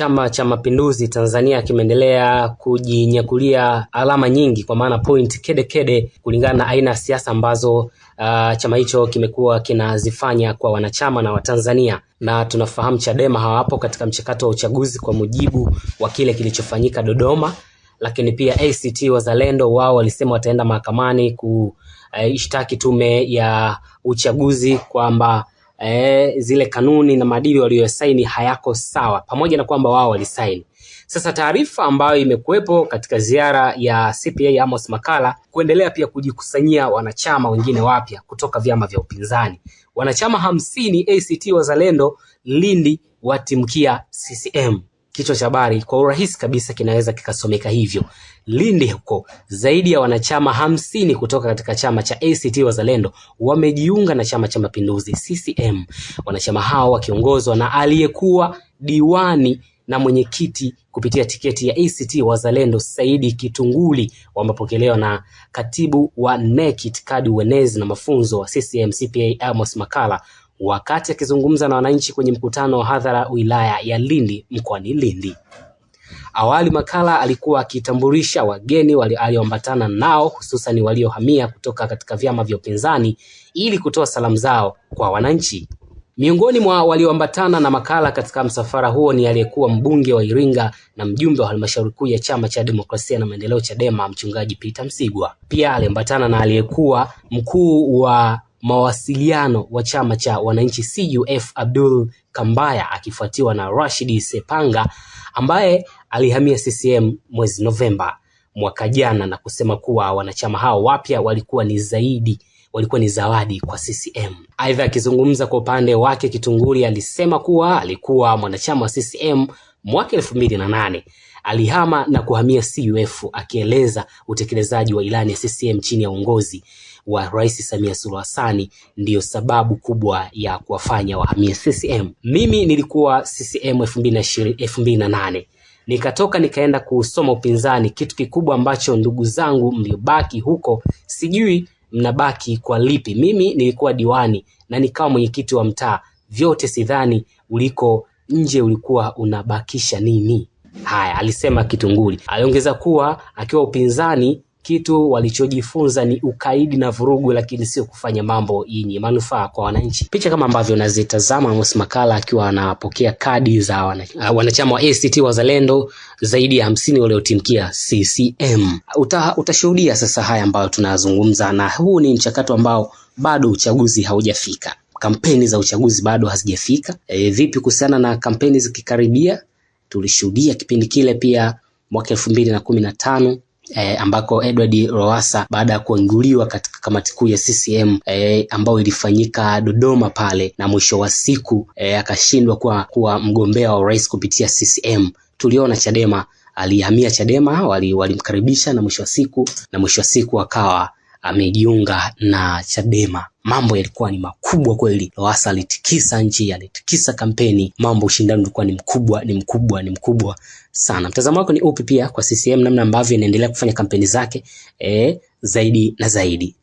Chama cha Mapinduzi Tanzania kimeendelea kujinyakulia alama nyingi kwa maana point kedekede kede, kulingana na aina ya siasa ambazo uh, chama hicho kimekuwa kinazifanya kwa wanachama na Watanzania, na tunafahamu Chadema hawapo katika mchakato wa uchaguzi kwa mujibu wa kile kilichofanyika Dodoma, lakini pia ACT Wazalendo wao walisema wataenda mahakamani kuishtaki uh, tume ya uchaguzi kwamba eh, zile kanuni na maadili waliyosaini hayako sawa, pamoja na kwamba wao walisaini. Sasa taarifa ambayo imekuwepo katika ziara ya CPA Amos makala kuendelea pia kujikusanyia wanachama wengine wapya kutoka vyama vya upinzani, wanachama hamsini ACT Wazalendo Lindi watimkia CCM kichwa cha habari kwa urahisi kabisa kinaweza kikasomeka hivyo: Lindi huko zaidi ya wanachama hamsini kutoka katika chama cha ACT Wazalendo wamejiunga na chama cha Mapinduzi CCM, wanachama hao wakiongozwa na aliyekuwa diwani na mwenyekiti kupitia tiketi ya ACT Wazalendo Saidi Kitunguli, wamepokelewa na katibu wa NECIT Kadi Wenezi na mafunzo wa CCM CPA Amos Makala wakati akizungumza na wananchi kwenye mkutano wa hadhara wilaya ya Lindi mkoani Lindi. Awali Makalla alikuwa akitambulisha wageni aliyoambatana nao hususan waliohamia kutoka katika vyama vya upinzani ili kutoa salamu zao kwa wananchi. Miongoni mwa walioambatana na Makalla katika msafara huo ni aliyekuwa mbunge wa Iringa na mjumbe wa halmashauri kuu ya Chama cha Demokrasia na Maendeleo, Chadema, mchungaji Peter Msigwa. Pia aliambatana na aliyekuwa mkuu wa mawasiliano wa chama cha wananchi CUF Abdul Kambaya akifuatiwa na Rashid Sepanga ambaye alihamia CCM mwezi Novemba mwaka jana na kusema kuwa wanachama hao wapya walikuwa ni zaidi walikuwa ni zawadi kwa CCM. Aidha, akizungumza kwa upande wake, Kitunguri alisema kuwa alikuwa mwanachama wa CCM mwaka elfu mbili na nane Alihama na kuhamia CUF akieleza utekelezaji wa ilani ya CCM chini ya uongozi wa Rais Samia Suluhu Hassan ndiyo sababu kubwa ya kuwafanya wahamie CCM. Mimi nilikuwa CCM elfu nikatoka nikaenda kusoma upinzani. Kitu kikubwa ambacho ndugu zangu mliobaki huko, sijui mnabaki kwa lipi. Mimi nilikuwa diwani na nikawa mwenyekiti wa mtaa, vyote sidhani uliko nje ulikuwa unabakisha nini? Haya alisema Kitunguri. Aliongeza kuwa akiwa upinzani kitu walichojifunza ni ukaidi na vurugu, lakini sio kufanya mambo yenye manufaa kwa wananchi. Picha kama ambavyo unazitazama, Amos Makala akiwa anapokea kadi za uh, wanachama wa ACT Wazalendo zaidi ya hamsini waliotimkia CCM. Uta, utashuhudia sasa haya ambayo tunazungumza, na huu ni mchakato ambao bado uchaguzi haujafika kampeni za uchaguzi bado hazijafika. E, vipi kuhusiana na kampeni zikikaribia? tulishuhudia kipindi kile pia mwaka elfu mbili na kumi na tano E, ambako Edward Lowassa baada ya kuanguliwa katika kamati kuu ya CCM e, ambayo ilifanyika Dodoma pale na mwisho wa siku e, akashindwa kuwa, kuwa mgombea wa urais kupitia CCM. Tuliona Chadema alihamia Chadema, walimkaribisha wali na mwisho wa siku na mwisho wa siku akawa amejiunga na Chadema. Mambo yalikuwa ni makubwa kweli. Lowassa alitikisa nchi, alitikisa kampeni, mambo ushindani ulikuwa ni mkubwa, ni mkubwa, ni mkubwa sana. Mtazamo wako ni upi pia kwa CCM, namna ambavyo inaendelea kufanya kampeni zake e, zaidi na zaidi?